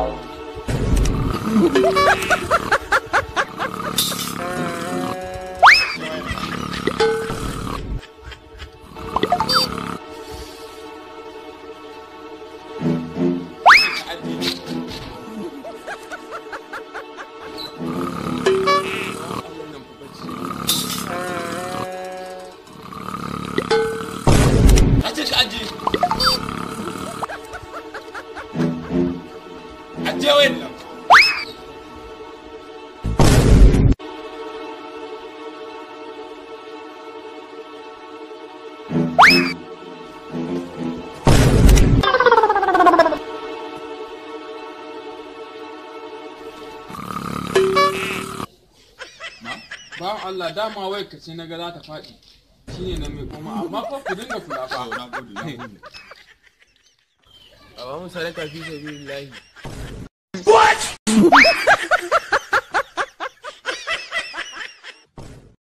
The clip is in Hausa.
I aji je wayannan ba Allah dama wai ka ce na ga za ta faɗi shine na mai kuma amma ko ku dinga kula fa What?